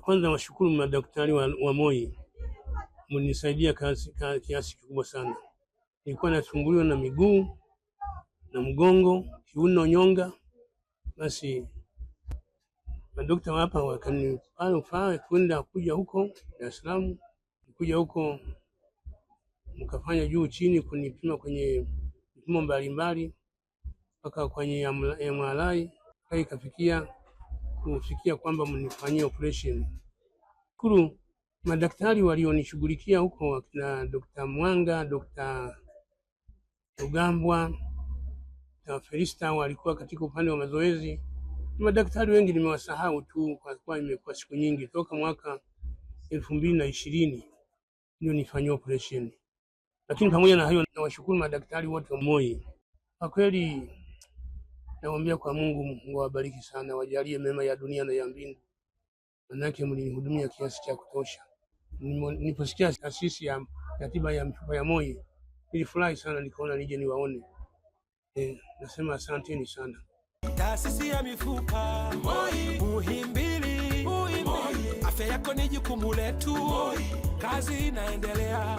Kwanza washukuru madaktari wa, wa MOI mnisaidia kiasi kikubwa sana. Nilikuwa nasumbuliwa na miguu na mgongo, kiuno, nyonga, basi madokta hapa wakanipaa kwenda kuja huko Dar es Salaam, kuja huko mkafanya juu chini kunipima kwenye vipimo mbalimbali mpaka kwenye MRI ikafikia kumfikia kwamba mnifanyie operation. Kuru madaktari walionishughulikia huko wakina Dr. Mwanga, Dr. Ugambwa na Felista walikuwa katika upande wa mazoezi. Madaktari wengi nimewasahau tu kwa kuwa imekuwa siku nyingi toka mwaka elfu mbili na ishirini ndio nifanyia operation. Lakini pamoja na hayo, nawashukuru madaktari wote wa MOI kwa kweli Namwambia kwa Mungu, Mungu awabariki sana, wajalie mema ya dunia na ya mbingu, manake mlinihudumia kiasi cha kutosha. Niliposikia taasisi ya tiba ya mifupa ya moyo nilifurahi sana, nikaona nije niwaone. E, nasema asanteni sana. Taasisi ya mifupa Muhimbili, afya yako ni jukumu letu, kazi inaendelea.